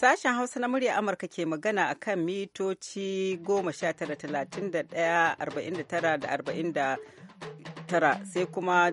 Sashen Hausa na murya Amurka ke magana a kan mitoci 19,31,49 da 49 sai kuma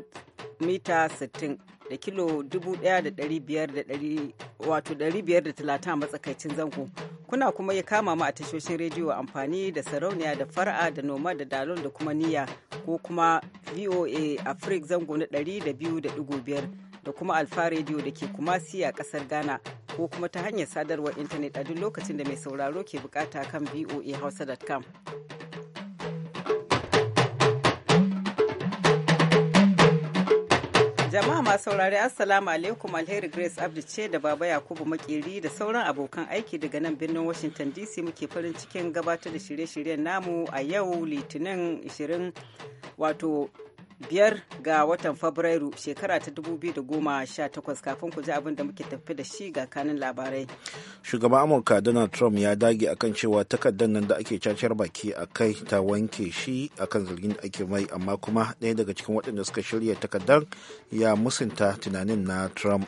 mita 60 da kilo 1,530 a matsakaicin zango. Kuna kuma ya kama mu a tashoshin rediyo amfani da sarauniya da fara da noma da dalon da kuma niya ko kuma VOA Africa zango na 200.5 da kuma alfa rediyo da ke kumasi a kasar ghana ko kuma ta hanyar sadarwar intanet a duk lokacin da mai sauraro ke bukata kan voahausa.com jama'a masu saurari assalamu alaikum alheri grace abdi ce da baba yakubu makeri da sauran abokan aiki daga nan birnin washington dc muke farin cikin gabatar da shirye-shiryen namu a yau litinin 20 wato biyar ga watan fabrairu shekara ta dubu biyu da goma 2018 kafin ku ji abin da muke tafi da shi ga kanin labarai shugaban amurka donald trump ya dage akan cewa takardar nan da ake cacar baki a kai ta wanke shi akan zargin da ake mai amma kuma ɗaya daga cikin waɗanda suka shirya takardar ya musunta tunanin na trump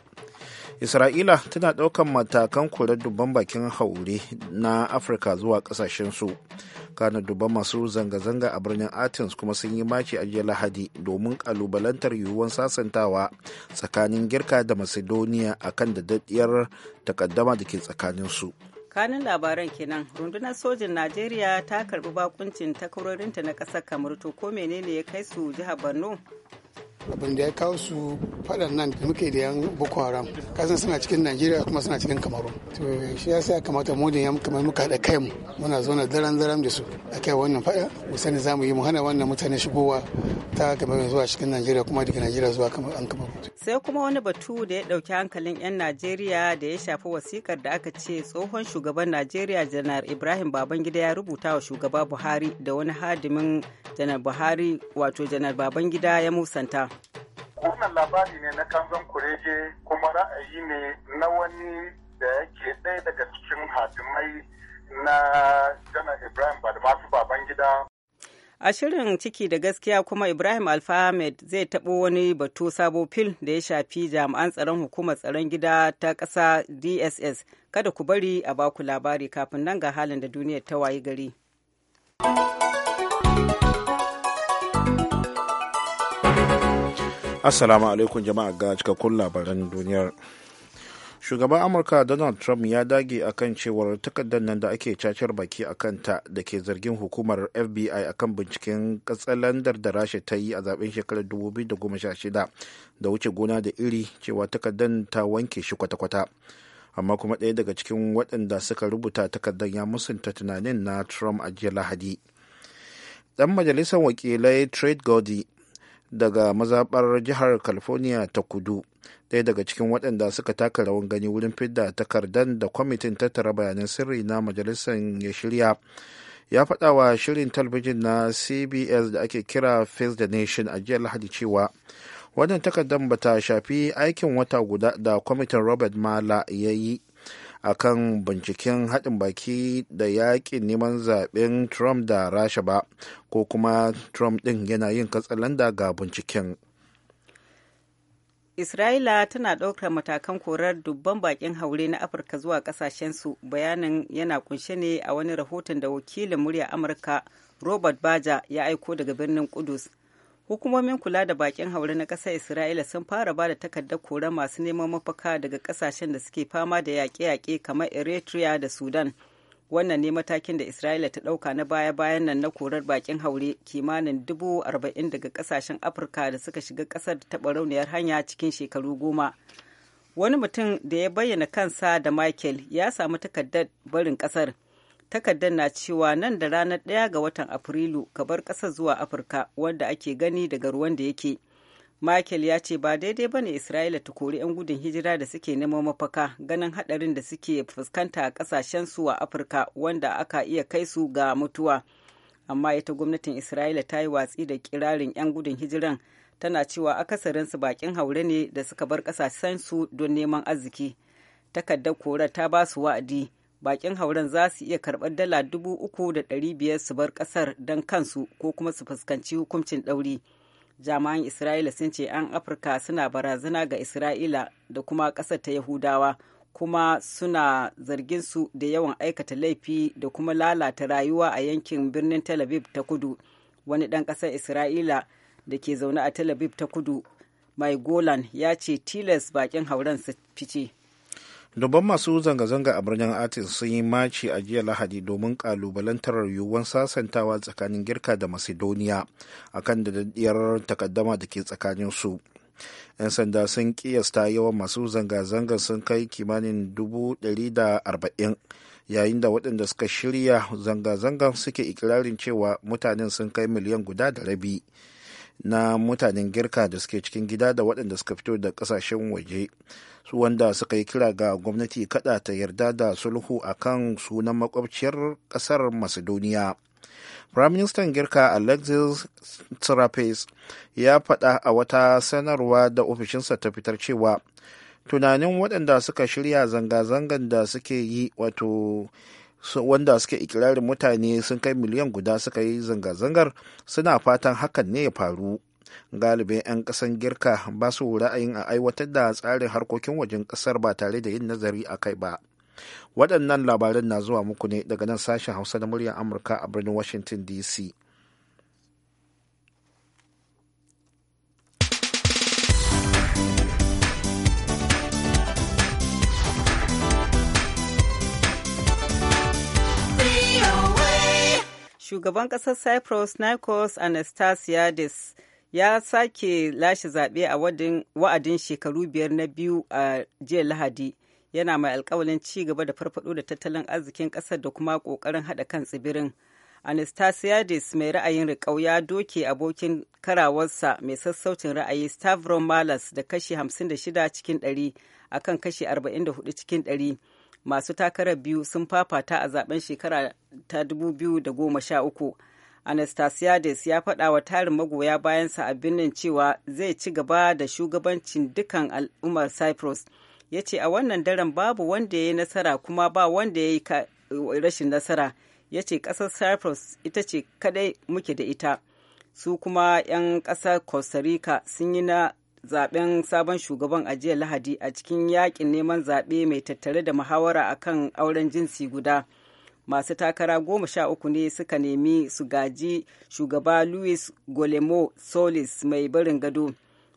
isra'ila tana ɗaukan matakan korar dubban bakin haure na afirka zuwa su kana dubban masu zanga-zanga a birnin athens kuma sun yi maki a jiya lahadi domin kalubalantar yiwuwar sasantawa tsakanin girka da macedonia akan da daddiyar takaddama da ke su. kanin labaran kenan rundunar sojin najeriya ta karbi bakuncin takwarorinta na ƙasar kamar to ko menene ya kai su jihar borno abin da ya kawo su faɗan nan da muke da yan boko haram kasan suna cikin najeriya kuma suna cikin kamaru to shi yasa ya kamata mu da kamar muka haɗa kai mu muna zauna daren daren da su a kai wannan faɗa mu sani za mu yi mu hana wannan mutane shigowa ta kamar zuwa cikin najeriya kuma daga najeriya zuwa kamar an kamaru. sai kuma wani batu da ya ɗauki hankalin 'yan najeriya da ya shafi wasikar da aka ce tsohon shugaban najeriya janar ibrahim babangida ya rubuta wa shugaba buhari da wani hadimin janar buhari wato janar babangida ya musanta wannan labari ne na kanzon kurege kuma ra'ayi ne na wani da yake ɗaya daga cikin hadimai na jana ibrahim badmasu baban gida a shirin ciki da gaskiya kuma ibrahim alfahamed zai taɓo wani batu sabo fil da ya shafi jami'an tsaron hukumar tsaron gida ta ƙasa dss kada ku bari a baku labari kafin nan ga halin da duniyar ta wayi gari. assalamu alaikum jama'a ga cikakkun labaran duniyar shugaban amurka donald trump ya dage akan cewar takardar nan da ake cacar baki a kanta da ke zargin hukumar fbi akan binciken katsalandar da rasha ta yi a zaben shekarar 2016 da wuce gona da iri cewa takardar ta wanke shi kwata-kwata amma kuma ɗaya daga cikin waɗanda suka rubuta takardar ya musunta tunanin na trump a jiya lahadi ɗan majalisar wakilai trade godi daga mazaɓar jihar california ta kudu ɗaya daga cikin waɗanda suka taka rawan gani wurin fidda takardan da kwamitin tattara bayanan sirri na majalisar ya shirya ya faɗa shirin talabijin na cbs da ake kira face the nation a jiya lahadi cewa wannan takardar ba ta shafi aikin wata guda da kwamitin robert mala ya yi akan binciken haɗin baki da yaƙin neman zaɓen trump da rasha ba ko kuma trump ɗin yana yin katsalanda ga binciken isra'ila tana ɗaukar matakan korar dubban bakin haure na afirka zuwa ƙasashensu bayanin yana kunshe ne a wani rahoton da wakilin murya amurka robert baja ya aiko daga birnin kudus hukumomin kula da bakin haure na ƙasar isra'ila sun fara bada takardar kora masu neman mafaka daga ƙasashen da suke fama da yaƙe-yaƙe kamar eritrea da sudan wannan ne matakin da isra'ila ta ɗauka na baya-bayan nan na korar bakin haure kimanin dubu arba'in daga ƙasashen afirka da suka shiga ƙasar da taɓa rauniyar hanya cikin shekaru goma wani mutum da ya bayyana kansa da michael ya samu takardar barin ƙasar takardar na cewa nan da ranar ɗaya ga watan afrilu ka bar ƙasar zuwa afirka wanda ake gani daga ruwan da yake michael ya ce ba daidai ba ne isra'ila ta kori 'yan gudun hijira da suke neman mafaka ganin hadarin da suke fuskanta a kasashen su a afirka wanda aka iya kai su ga mutuwa amma ita gwamnatin isra'ila ta yi watsi da kirarin 'yan gudun hijiran tana cewa akasarin su bakin haure ne da suka bar kasashen su don neman arziki takardar korar ta ba su wa'adi bakin hauren za su iya karɓar dala dubu uku da ɗari biyar su bar ƙasar don kansu ko kuma su fuskanci hukuncin ɗauri jami'an isra'ila sun ce an afirka suna barazana ga isra'ila da kuma ƙasar ta yahudawa kuma suna zargin su da yawan aikata laifi da kuma lalata rayuwa a yankin birnin tel aviv ta kudu wani ɗan ƙasar isra'ila da ke zaune a tel aviv ta kudu mai golan ya ce tilas bakin hauren su fice dubban masu zanga-zanga a birnin atis sun yi maci a jiya lahadi domin kalubalantar yiwuwan sasantawa tsakanin girka da macedonia akan da daddiyar takaddama da ke tsakanin su 'yan sanda sun kiyasta yawan masu zanga zanga sun kai kimanin 140 yayin da waɗanda suka shirya zanga zanga suke ikirarin cewa mutanen sun kai miliyan guda da rabi na mutanen girka da suke cikin gida da waɗanda suka fito da ƙasashen waje su wanda suka yi kira ga gwamnati kada ta yarda da sulhu a kan sunan makwabciyar ƙasar macedonia Firaministan Girka Alexis Tsirapis ya faɗa a wata sanarwa da ofishinsa ta fitar cewa tunanin waɗanda suka shirya zanga-zangan da suke yi wato wanda suke ikirarin mutane sun kai miliyan guda suka yi zanga-zangar suna fatan hakan ne ya faru galibin 'yan kasan girka ba su ra'ayin a aiwatar da tsarin harkokin wajen kasar ba tare da yin nazari a kai ba waɗannan labaran na zuwa muku ne daga nan sashen hausa na muryar amurka a birnin washington dc shugaban ƙasar cyprus nikos anastasiades ya sake lashe zaɓe a wa'adin shekaru biyar na biyu a jiya lahadi yana mai alkawalin ci gaba da farfado da tattalin arzikin ƙasar da kuma ƙoƙarin haɗa kan tsibirin anastasiades mai ra'ayin riƙau ya doke abokin karawarsa mai sassaucin ra'ayi stavron malas da kashi 56 cikin 100 akan kashi 44 cikin masu takarar biyu sun fafata a zaben shekara ta 2013 anastasiades ya faɗa wa tarin magoya bayansa a birnin cewa zai ci gaba da shugabancin dukan al'ummar cyprus ya ce a wannan daren babu wanda ya yi nasara kuma ba wanda ya yi rashin nasara ya ce ƙasar cyprus ita ce kadai muke da ita su kuma 'yan ƙasar costa rica sun yi na zaben sabon shugaban a jiya lahadi a cikin yakin neman zaɓe mai tattare da muhawara a kan auren jinsi guda masu takara goma sha uku ne suka nemi su gaji shugaba luis golemo solis mai barin gado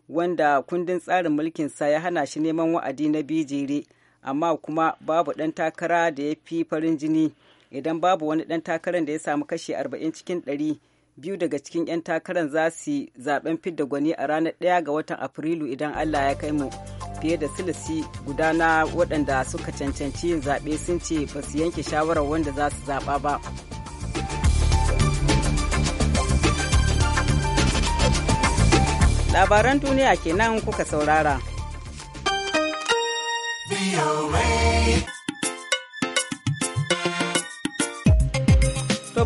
wanda kundin tsarin mulkinsa ya hana shi neman wa'adi na biyu jere amma kuma babu ɗan takara da ya fi farin jini idan babu wani ɗan takarar da ya samu kashi arba'in cikin ɗari biyu daga cikin 'yan takarar za su zaben fidda gwani a ranar 1 ga watan afrilu idan allah ya kai mu fiye da silisi gudana na waɗanda suka cancanci yin zaɓe sun ce ba su yanke shawarar wanda za su zaɓa ba labaran duniya kenan kuka saurara.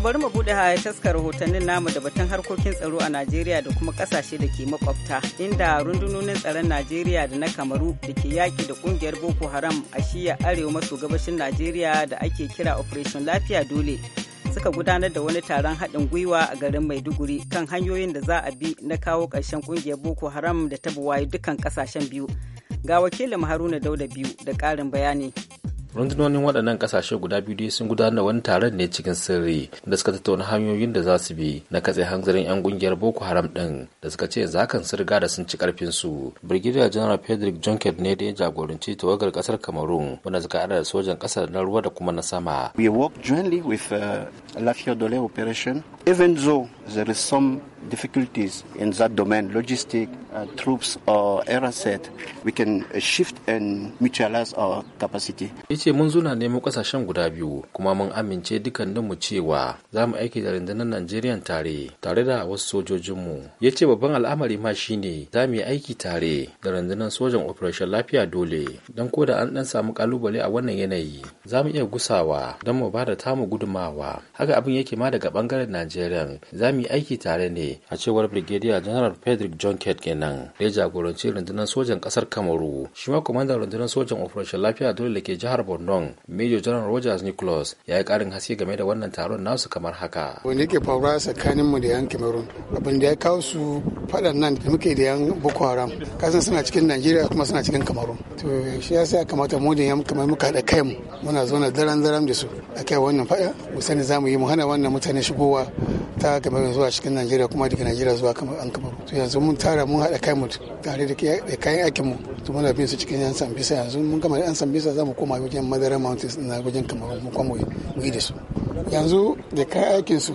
bari mu bude taskar rahotannin namu da batun harkokin tsaro a Najeriya da kuma kasashe da ke makwabta inda rundunonin tsaron Najeriya da na Kamaru da ke yaki da kungiyar Boko Haram a shiya arewa maso gabashin Najeriya da ake kira Operation Lafiya Dole suka gudanar da wani taron haɗin gwiwa a garin Maiduguri kan hanyoyin da za a bi na kawo ƙarshen kungiyar Boko Haram da ta buwaye dukkan kasashen biyu. Ga wakilin Haruna Dauda biyu da ƙarin bayani. rundunonin waɗannan ƙasashe guda biyu dai sun gudanar wani taron ne cikin sirri da suka tattauna hanyoyin da za su bi na katse hanzarin 'yan ƙungiyar boko haram ɗin da suka ce za kan sirga da sun ci ƙarfin su brigadier general frederick junket ne da ya jagoranci tawagar ƙasar cameroon wanda suka haɗa da sojan ƙasar na ruwa da kuma na sama we work jointly with uh, la dole operation even though there is some difficulties in that domain, logistic, uh, troops or asset, we can uh, shift and mutualize our capacity. Yace mun zuna nemo kasashen guda biyu kuma mun amince dukkaninmu cewa za mu aiki da rundunar Najeriya tare tare da wasu sojojinmu. Yace babban al'amari ma shine za mu yi aiki tare da rundunar sojan operation lafiya dole don ko da an dan samu kalubale a wannan yanayi za mu iya gusawa don mu ba da tamu gudumawa. Haka abin yake ma daga bangaren Najeriya za mu mu yi aiki tare ne a cewar brigadier general frederick john kett kenan da ya jagoranci rundunar sojan kasar kamaru shi ma kwamandan rundunar sojan operation lafiya dole da ke jihar borno major general rogers nicholas ya yi karin haske game da wannan taron nasu kamar haka wani ke faruwa tsakanin mu da yan cameroon abin da ya kawo su faɗan nan da muke da yan boko haram kasan suna cikin najeriya kuma suna cikin kamarun to shi ya sa kamata mu da yan kamar muka haɗa kai mu muna zauna daren daren da su a kai wannan faɗa mu sani za mu yi mu hana wannan mutane shigowa ta kamar kamaru zuwa cikin najeriya kuma daga najeriya zuwa an kamaru to yanzu mun tara mun haɗa kai mu tare da kayan aikin mu to muna bin su cikin yan sambisa yanzu mun gama yan sambisa za mu koma wajen madara mountains na wajen kamaru mu kuma mu yi da su yanzu da kayan aikin su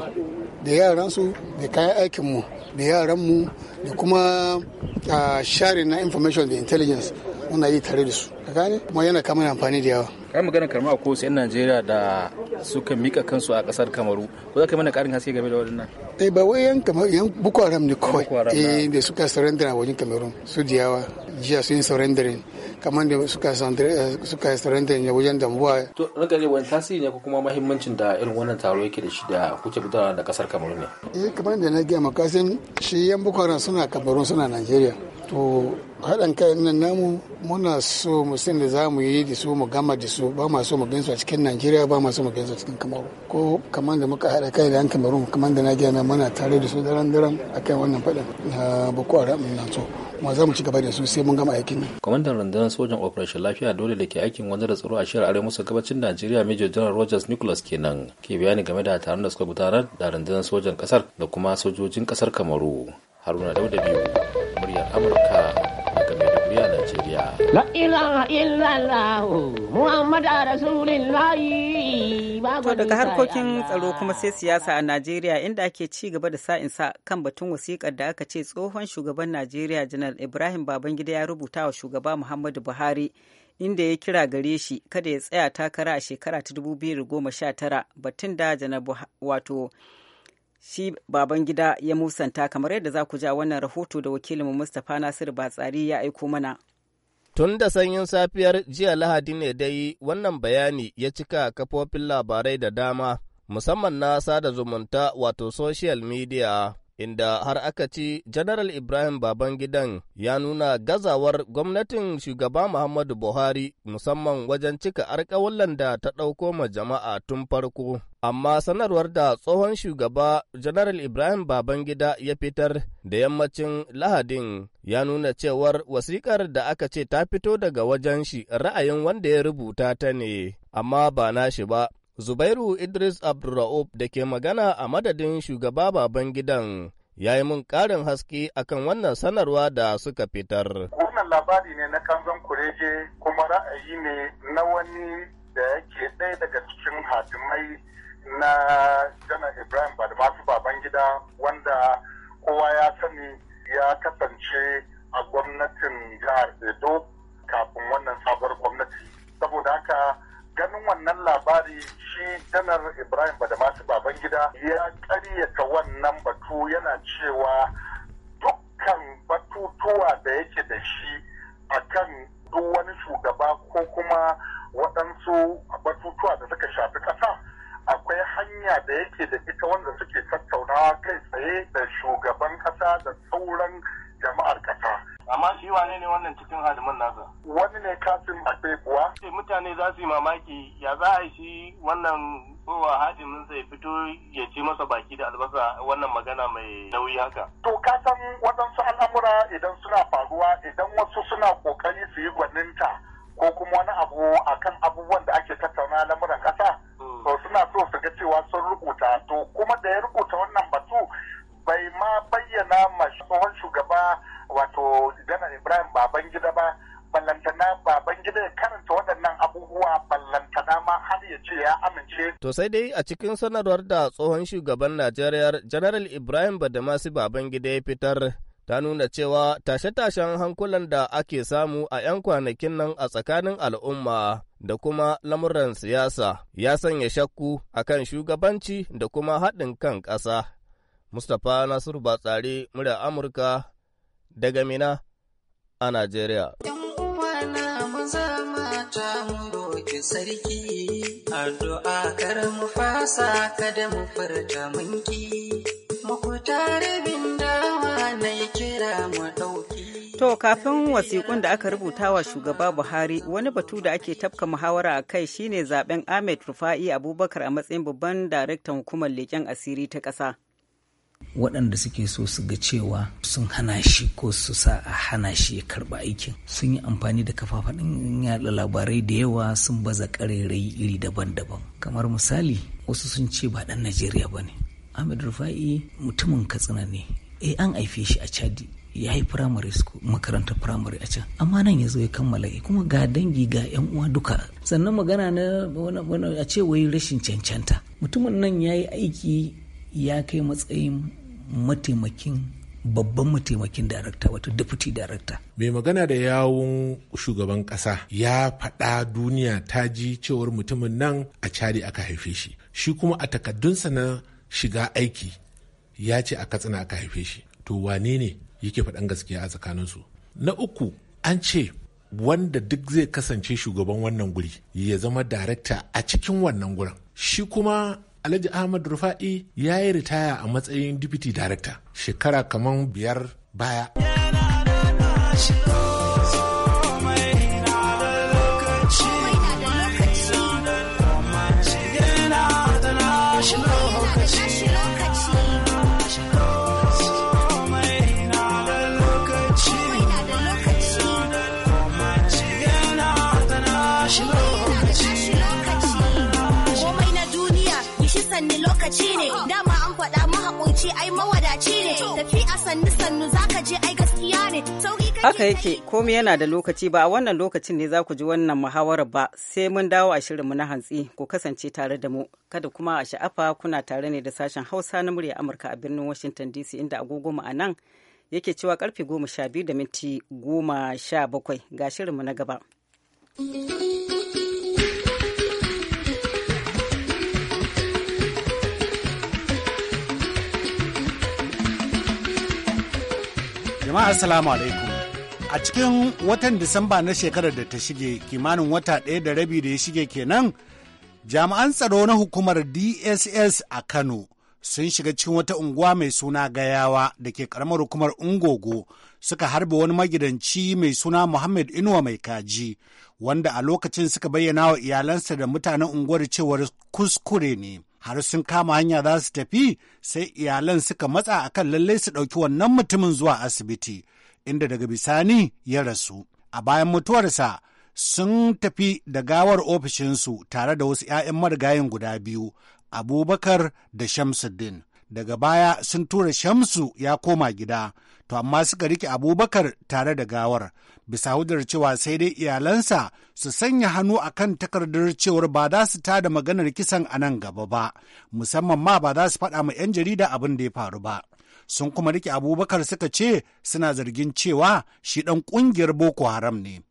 da yaran su da kayan aikin mu da yaran mu da kuma sharing na information da intelligence muna yi tare da su ka gane kuma yana kama amfani da yawa kai magana karma ko kowace yan najeriya da suka mika kansu a kasar kamaru ko za ka mana karin haske game da waɗannan eh ba wai yan kamar yan haram ne kawai eh da suka surrender a wajen cameroon su diyawa jiya sun surrendering kamar da suka eh, suka surrender ne wajen dambuwa to ranka ne wani tasiri ne ko kuma mahimmancin da irin wannan taro yake da shi da kuke fitar da kasar cameroon ne eh kamar da na gaya makasin shi yan bukwaram haram suna cameroon suna nigeria to haɗin kai nan namu muna so mu san da za mu yi da su mu gama da su ba ma so mu gansu a cikin najeriya ba ma so mu gansu a cikin kamaru ko kamar da muka haɗa kai da yan kamaru kamar da na gina muna tare da su daren daren kan wannan faɗin na boko haram nan so kuma za mu ci gaba da su sai mun gama aikin nan. kwamandan rundunar sojan operation lafiya dole da ke aikin wanda da tsaro a shirar arewa maso gabacin najeriya major general rogers nicholas kenan ke bayani game da taron da suka gudanar da rundunar sojan kasar da kuma sojojin kasar kamaru haruna dauda biyu muryar amurka La ilaha illallah Muhammad Rasulullah To daga harkokin tsaro kuma sai siyasa a Najeriya inda ake ci gaba da sa'in sa kan batun wasikar da aka ce tsohon shugaban Najeriya Janar Ibrahim Babangida ya rubuta wa shugaba Muhammadu Buhari inda ya kira gare shi kada ya tsaya takara a shekara ta 2019 batun da Janar wato shi baban gida ya musanta kamar yadda za ku ja wannan rahoto da wakilinmu mustapha nasiru batsari ya aiko mana Tun da sanyin safiyar jiya Lahadi ne dai wannan bayani ya cika kafofin labarai da dama, musamman na sada zumunta wato social media. inda har aka ci Janaral Ibrahim Babangidan ya nuna gazawar gwamnatin shugaba Muhammadu Buhari musamman wajen cika arkawallan da ta ɗauko ma jama'a tun farko. Amma sanarwar da tsohon shugaba Janaral Ibrahim Babangida ya fitar da yammacin Lahadin ya nuna cewar wasikar da aka ce ta fito daga wajen shi ra'ayin wanda ya rubuta ta ne, amma ba na shi ba. Zubairu Idris Abdurra'ub da ke magana a madadin shugaba baban gidan ya yi mun ƙarin haske akan wannan sanarwa da suka fitar. Wannan labari ne na kanzon Kureje, kuma ra'ayi ne na wani da yake ɗaya daga cikin hadimai na Jana Ibrahim masu baban gida wanda kowa ya sani ya kasance a gwamnatin jihar Edo kafin wannan sabuwar gwamnati. Saboda haka ganin wannan labari shi janar ibrahim badamasu baban gida ya karyata wannan batu yana cewa dukkan batutuwa da yake da shi a kan duk wani shugaba ko kuma waɗansu batutuwa da suka shafi ƙasa akwai hanya da yake da ita wanda suke tattaunawa kai tsaye da shugaban ƙasa da sauran jama'ar ƙasa amma shi wane ne wannan cikin hadimin nasa wani ne kasim akpebuwa ce mutane za su yi mamaki ya za a shi wannan kowa hadimin sai fito ya ci masa baki da albasa wannan magana mai nauyi haka to ka san waɗansu al'amura idan suna faruwa idan wasu suna kokari su yi gwaninta ko kuma wani abu akan abubuwan da ake tattauna lamuran kasa hmm. to suna so su ga cewa sun rubuta to kuma da ya rubuta wannan batu bai ma bayyana ma tsohon shugaba wato janar ibrahim baban gida ba ballantana baban gida ya karanta waɗannan abubuwa ballantana ma har ya ce ya amince. To sai dai a cikin sanarwar da tsohon shugaban Najeriya General Ibrahim Badamasi Babangida ya fitar ta nuna cewa tashe-tashen hankulan da ake samu a 'yan kwanakin nan a tsakanin al'umma da kuma lamuran siyasa ya sanya shakku a kan shugabanci da kuma haɗin kan ƙasa. Mustapha Nasiru Batsari, murya Amurka daga Mina a Najeriya. sarki addu'a kar mu fasa kada mu furta minki, muku tare bin dawa na kira mu to kafin wasiƙun da aka rubuta wa shugaba Buhari wani batu da ake tafka muhawara a kai shine zaben Ahmed Rufa'i Abubakar a matsayin babban daraktan hukumar leƙen asiri ta ƙasa. waɗanda suke so su ga cewa sun hana shi ko su sa a hana shi ya karɓa aikin sun yi amfani da kafafen yaɗa labarai da yawa sun baza ƙarerai iri daban-daban kamar misali wasu sun ce ba ɗan najeriya ba ne ahmed rufa'i mutumin katsina ne eh an haife shi a chadi ya yi firamare makarantar firamare a can amma nan ya zo ya kammala kuma ga dangi ga yan uwa duka sannan magana na a ce wai rashin cancanta mutumin nan ya yi aiki ya kai matsayin mataimakin babban mataimakin darakta wato deputy darakta. mai magana da yawun shugaban kasa ya faɗa duniya ta ji cewar mutumin nan a cari aka haife shi shi kuma a takaddunsa na shiga aiki ya ce a katsina aka haife shi to wane ne yake faɗan gaskiya a tsakaninsu na uku an ce wanda duk zai kasance shugaban wannan guri ya zama darakta a cikin wannan gurin shi kuma Alhaji Ahmad Rufa'i ya yi ritaya a matsayin deputy director shekara kamar biyar baya. Yana da lokaci ne dama an faɗa ai mawadaci ne tafi a sannu sannu zaka je ai gaskiya ne haka yake komai yana da lokaci ba a wannan lokacin ne za ku ji wannan muhawarar ba sai mun dawo a shirin mu na hantsi ku kasance tare da mu kada kuma a sha'afa kuna tare ne da sashen hausa na murya amurka a birnin washington dc inda agogo mu a nan yake cewa karfe goma sha biyu da minti goma sha bakwai ga shirinmu na gaba. Jama'a Assalamu alaikum. A cikin watan Disamba na shekarar da ta shige kimanin wata ɗaya da rabi da ya shige kenan jami'an tsaro na hukumar DSS a Kano sun shiga cikin wata unguwa mai suna Gayawa da ke karamar hukumar Ungogo suka harba wani magidanci mai suna Muhammad Inuwa mai kaji wanda a lokacin suka bayyana wa iyalansa da mutanen unguwar cewar kuskure ne. har sun kama hanya za su tafi sai iyalan suka matsa a kan lallai su ɗauki wannan mutumin zuwa asibiti inda daga bisani ya rasu a bayan mutuwarsa sun tafi da gawar ofishinsu tare da wasu 'ya'yan marigayin guda biyu abubakar da shamsuddin daga baya sun tura shamsu ya koma gida to amma suka rike abubakar tare da gawar bisa hudar cewa sai dai iyalansa su sanya hannu a kan takardar cewar ba za su tada maganar kisan a nan gaba ba, musamman ma ba za su faɗa ma 'yan jarida abin da ya faru ba. Sun kuma rike abubakar suka ce suna zargin cewa shi ɗan ƙungiyar Boko Haram ne.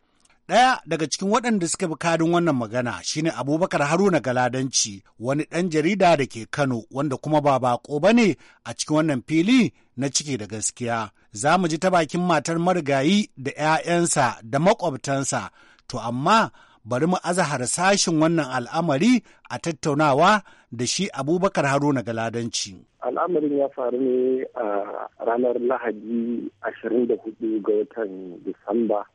Ɗaya daga cikin waɗanda suka bi kadin wannan magana shine Abubakar Haruna Galadanci, wani ɗan jarida da ke Kano wanda kuma ba bako ba ne a cikin wannan fili na ciki da gaskiya. Za mu ji ta bakin matar marigayi da 'ya'yansa da maƙwabtansa, to amma bari mu azahar sashin wannan al'amari a tattaunawa da shi Abubakar Haruna Galadanci. al'amarin ya faru ne a ranar lahadi 24 ga watan disamba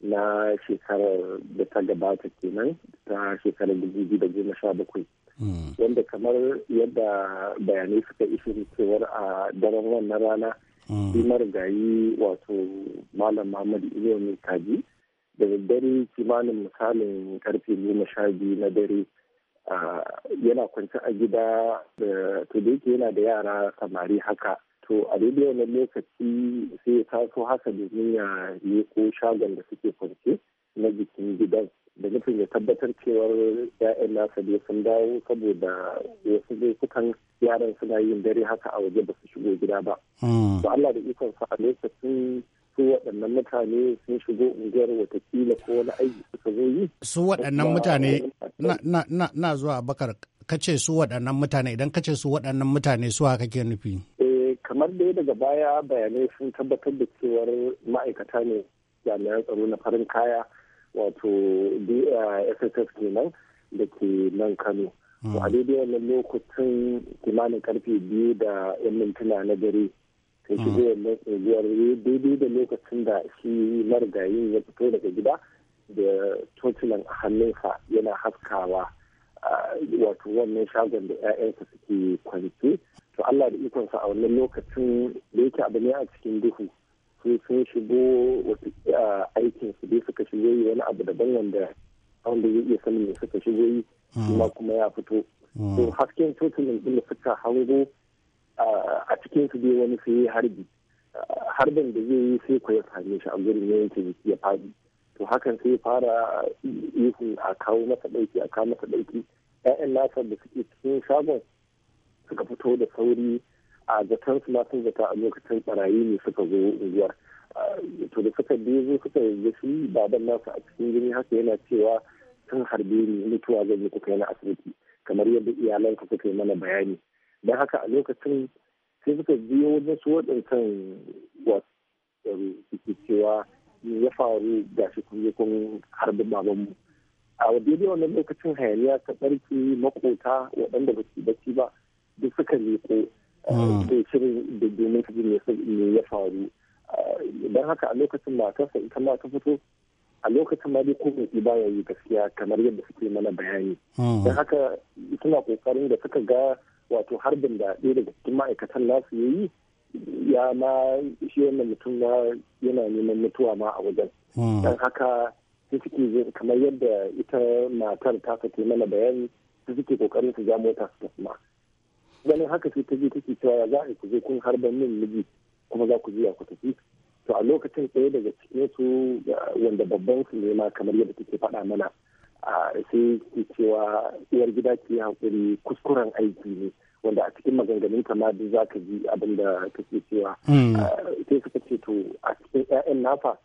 na shekarar da ta gabata kenan ta shekarar dubu da goma sha bakwai wanda kamar yadda bayanai suka iso cewar a daren wannan rana shi marigayi wato malam muhammad iliyar mai kaji da daddare kimanin misalin karfe goma sha biyu na dare yana kwanci a gida to da yake yana da yara samari haka to a daidai wannan lokaci sai ya taso haka domin ya leko shagon da suke kwance na jikin gidan da nufin ya tabbatar cewar ya'yan nasa dai sun dawo saboda wasu lokutan yaran suna yin dare haka a waje ba su shigo gida ba. Hmm. To Allah da ikon sa a lokacin su waɗannan mutane sun shigo unguwar watakila ko wani aiki suka zo yi. Su waɗannan mutane na zuwa bakar kace su waɗannan mutane idan kace su waɗannan mutane su haka ke nufi. Eh, kamar dai daga baya bayanai sun tabbatar da cewar ma'aikata ne jami'an tsaro na farin kaya wato sss kenan da ke nan kano hmm. a daidai wannan lokacin kimanin karfe biyu da yan mintuna na dare sai shi hmm. shigo wannan tsohuwar eh, daidai da lokacin da shi marigayin ya fito daga gida da tocilan a hannunsa yana haskawa ah, wato wannan shagon da 'ya'yansa suke kwance to Allah da ikonsa a wannan lokacin da yake abu ne a cikin duhu sai sun shigo wata aikin su dai suka shigo yi wani abu daban wanda wanda zai iya sanin me suka shigo yi hmm. kuma kuma ya fito to hmm. hasken totalin din da suka hango a cikin su dai wani sai harbi harbin da zai yi sai ku ya same shi a gurin ya yanke jiki ya fadi to hakan sai fara ihun a kawo masa dauki a kawo masa dauki 'ya'yan nasa da suke cikin shagon suka fito da sauri a zaton su sun zata a lokacin barayi ne suka zo unguwar to da suka biyu zo suka yi shi baban nasu a cikin jini haka yana cewa sun harbe ni mutuwa zan yi kuka yana asibiti kamar yadda iyalan ka suka yi mana bayani don haka a lokacin sai suka biyo wajen su waɗancan um, suke cewa ya faru ga shi kun yi kun harbi babanmu a daidai wannan lokacin hayaniya ta ɓarke makota waɗanda ba su bacci ba duk suka leko da eh, hmm. shirin da domin su ne ya faru eh, don haka a lokacin matarsa ita ma ta fito a lokacin ma dai ko mai baya yi gaskiya kamar yadda suke mana bayani hmm. don haka suna kokarin da suka ga wato harbin da ɗaya daga cikin ma'aikatan nasu ya yi ya ma shi wannan mutum ma yana neman mutuwa ma a wajen hmm. don haka su suke kamar yadda ita matar ta fito mana bayani su suke kokarin su ja mota su tafi ganin haka sai ta je take cewa ya za a ku je kun harban min miji kuma za ku je a ku tafi to a lokacin ɗaya daga cikin su wanda babban su ne ma kamar yadda take faɗa mana sai ke cewa uwar gida ke hakuri kuskuren aiki ne wanda a cikin maganganun kama duk za ka ji abin da kake cewa hmm. sai suka ce to a cikin 'ya'yan nafa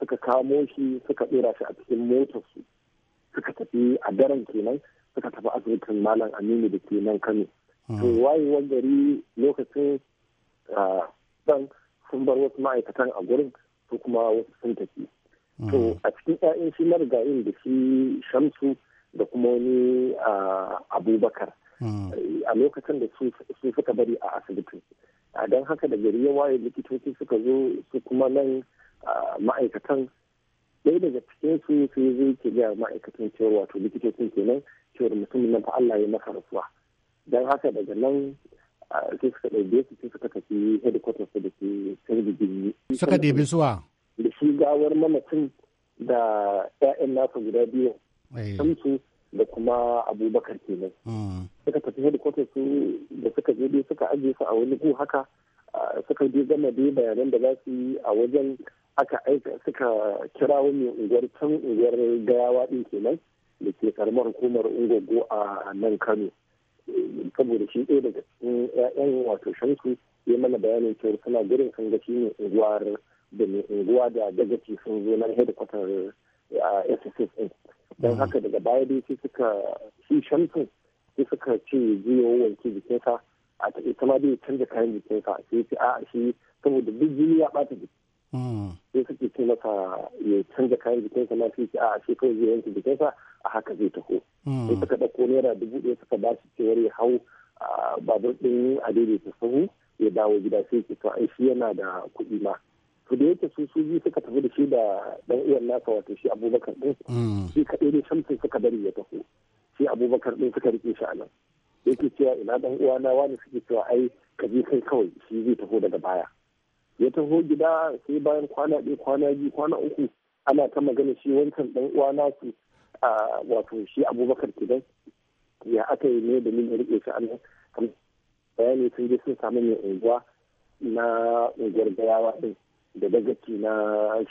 suka kamo shi suka ɗora shi a cikin motar su suka tafi a daren kenan suka tafi asibitin malam aminu da ke nan kano Hmm. to wayewar gari lokacin ah, ɗan sun bar wasu ma'aikatan a gurin su kuma wasu sun tafi hmm. to a cikin 'ya'yan shi marigayin da shi shamsu da kuma wani ah, abubakar hmm. a lokacin da su suka bari a asibitin don haka da gari ya waye likitoci suka zo su kuma nan ah, ma'aikatan ɗaya daga cikin su sai zai ke gaya ma'aikatan cewa wato likitocin kenan cewar mutum nan fa Allah ya maka rasuwa don haka daga nan sai suka ɗaube su sai suka tafi headquarters da ke sirri birni. Suka ɗebi suwa? Da shi gawar mamacin da 'ya'yan nasa guda biyu. Eh. Samsu da kuma abubakar kenan. Hmm. Suka tafi headquarters su da suka je dai suka ajiye su a wani ku haka suka je gama dai bayanan da za su yi a wajen aka aika suka kira wani unguwar can unguwar gayawa ɗin kenan da ke karamar hukumar ungogo a nan Kano. saboda shi ɗaya daga cikin 'ya'yan wato shanku ya mana bayanin cewa suna gurin kan gaci ne unguwar da mai unguwa da dagaci sun zo nan headquarter a sss don mm. haka daga baya dai sai suka shi shanku sai suka ce jiyo wanke jikinsa a ta ita ma dai canza kayan jikinsa sai ce a shi saboda duk jini ya ɓata jiki mm. sai suke ce masa ya canza kayan jikinsa na sai ce a shi kawai zai wanke jikinsa a haka zai taho hmm. sai kada kone naira dubu ɗaya suka ba shi cewar ya hau babur ɗin a daidaita sahu ya dawo gida sai ke to ai shi yana da kuɗi ma to da yake su su biyu suka tafi da shi da ɗan uwan nasa wato shi abubakar ɗin hmm. shi kaɗai ne shamsin suka bari ya taho shi abubakar ɗin suka riƙe shi a nan yake cewa ina ɗan uwana wani suke cewa ai ka je kai kawai shi zai taho daga baya ya taho gida sai bayan kwana ɗaya kwana biyu kwana uku ana ta magana shi wancan ɗan uwa nasu wato shi abubakar kidan ya aka yi ne da ya rike shi annan bayani sun je sun samu mai unguwa na unguwar gayawa din da dagaci na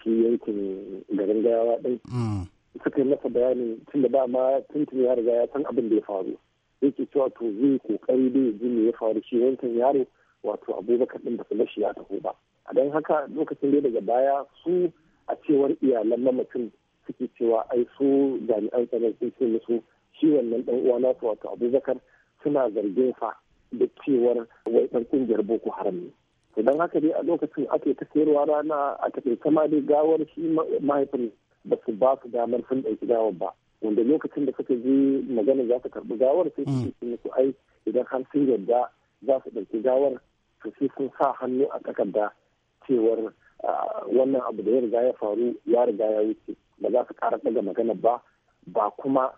shi yankin garin gayawa din mm. suka yi masa bayanin tun da dama tuntun ya riga ya san abin da ya faru yake cewa to zai kokari da yanzu me ya faru shi wancan yaro wato abubakar ɗin ba su mashi ya taho ba a don haka lokacin da daga baya su a cewar iyalan mamacin suke cewa ai su jami'an tsaron sun ce musu shi wannan dan uwa nasu wato abubakar suna zargin sa da cewar wai dan kungiyar boko haram ne idan haka dai a lokacin ake ta sayarwa rana a takaice ma dai gawar shi mahaifin ba su ba su damar sun ɗauki gawar ba wanda lokacin da suka je magana za su karɓi gawar sai su ce musu ai idan har sun yarda za su ɗauki gawar to sai sun sa hannu a takarda cewar wannan abu da ya riga ya faru ya riga ya wuce ba za su ƙara daga magana ba ba kuma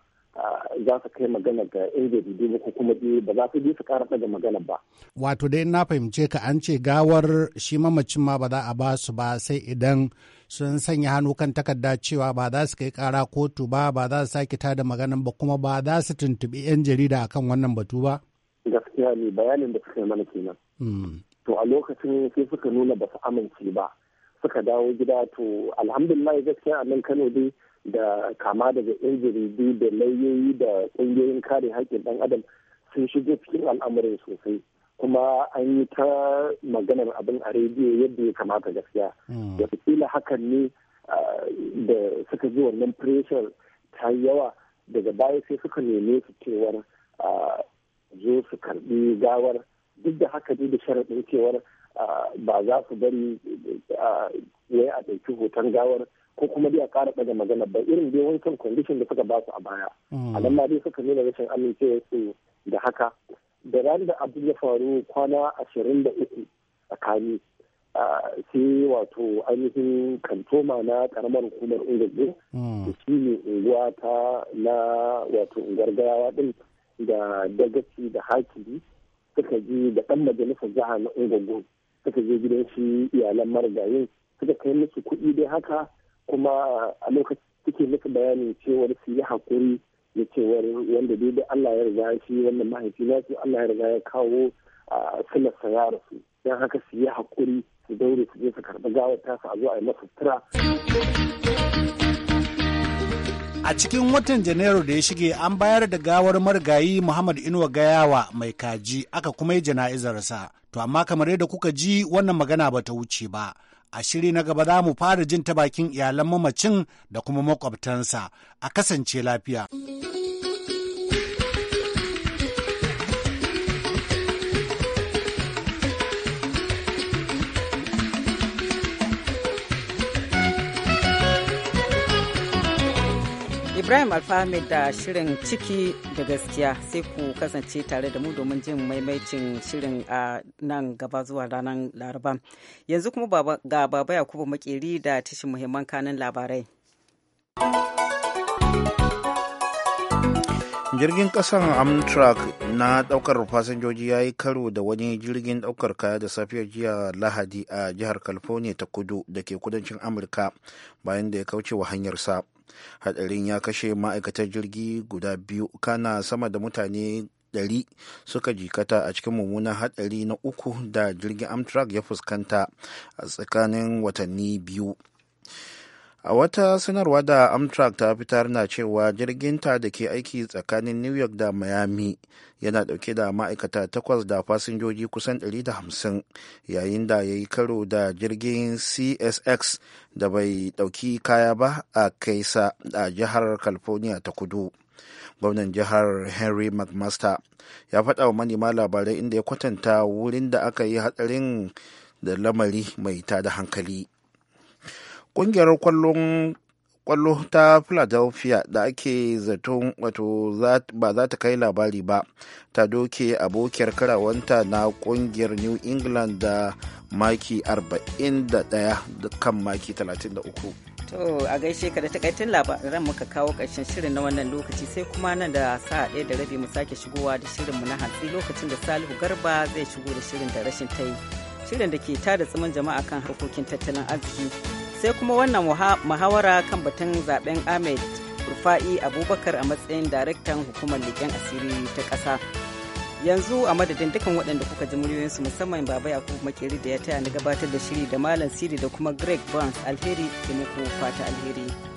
za su kai magana ga yan jaridu ba ko kuma ba za su je su ƙara daga magana ba. Wato dai na fahimce ka an ce gawar shi mamacin ma ba za a ba su ba sai idan sun sanya hannu kan takarda cewa ba za su kai kara kotu ba ba za su sake tada maganan ba kuma ba za su tuntubi 'yan jarida akan wannan batu ba? Gaskiya ne bayanin da suka mana kenan. Hmm. To a lokacin sai suka nuna ba su amince ba. suka dawo gida to alhamdulillah gaskiya a nan kano dai da kama daga yan jaridu da lauyoyi da kungiyoyin kare haƙƙin ɗan adam sun shigo cikin al'amarin sosai kuma an yi ta maganar abin a rediyo yadda ya kamata gaskiya da hmm. fitila hakan ne da suka ji wannan pressure ta yawa daga baya sai suka neme su cewar zo su karbi gawar duk da haka ne da sharaɗin cewar ba za su bari wai a ɗauki hoton gawar ko kuma dai a ƙara ɗaga magana ba irin dai wancan condition da suka ba su a baya hmm. a nan ma dai suka nuna rashin amincewa su da haka da ran da abu ya faru kwana ashirin da uku tsakani sai wato ainihin kantoma na karamar hukumar ungaje hmm. da shi ne unguwa ta na wato gawa din da dagaci da hakili suka ji da ɗan majalisar jiha na ungago suka je gidan shi iyalan marigayin suka kai musu kuɗi dai haka kuma a lokacin suke musu bayanin cewar su yi hakuri da cewar wanda dai da Allah ya riga shi wanda mahaifi na su Allah ya riga ya kawo silarsa ya rasu don haka su yi hakuri su daure su je su karɓi gawar su a zo a yi masa sutura. A cikin watan Janairu da ya shige an bayar da gawar marigayi Muhammad Inuwa Gayawa mai kaji aka kuma yi jana'izarsa To amma kamar yadda kuka ji wannan magana ba ta wuce ba. A shiri na gaba za mu fara jin ta bakin iyalan mamacin da kuma makwabtansa. A kasance lafiya. Ibrahim alfahmi da shirin ciki da gaskiya sai ku kasance tare da mu domin jin maimaicin shirin a nan gaba zuwa ranar Laraba. Yanzu kuma ga Baba Yakubu Makeri da tashin muhimman kanin labarai. jirgin kasan amtrak na daukar fasinjoji ya yi karo da wani jirgin daukar kaya da safiyar jiya lahadi a jihar california ta kudu da ke kudancin amurka bayan da ya kauce wa hanyarsa hadarin ya kashe ma'aikatar jirgi guda biyu kana sama da mutane 100 suka jikata a cikin mummunan hadari na uku da jirgin amtrak ya fuskanta a tsakanin watanni biyu a wata sanarwa da amtrak ta fitar na cewa jirgin ta da ke aiki tsakanin new york da miami yana dauke da ma'aikata takwas da fasinjoji kusan 150 yayin da ya yi karo da jirgin csx da bai dauki kaya ba a kaisa a jihar california ta kudu gwamnan jihar henry mcmaster ya faɗa wa manema labarai inda ya kwatanta wurin da aka yi hatsarin da lamari mai tada hankali kungiyar kwallon kwallo ta philadelphia da ake zaton wato ba za ta kai labari ba ta doke abokiyar karawanta na kungiyar new england da maki 41 kan maki 33 To a gaishe ka da takaitun labaran muka kawo karshen shirin na wannan lokaci sai kuma nan da sa'a ɗaya da rabi mu sake shigowa da shirinmu na hantsi lokacin da Salihu Garba zai shigo da shirin da rashin ta yi. Shirin da ke tada tsaman jama'a kan harkokin tattalin arziki sai kuma wannan muhawara kan batun zaben ahmed rufa'i abubakar a matsayin daraktan hukumar leƙen asiri ta ƙasa yanzu a madadin dukkan waɗanda kuka ji muryoyinsu musamman baba kuma makeri da ya taya na gabatar da shiri da malam siri da kuma greg burns alheri da muku fata alheri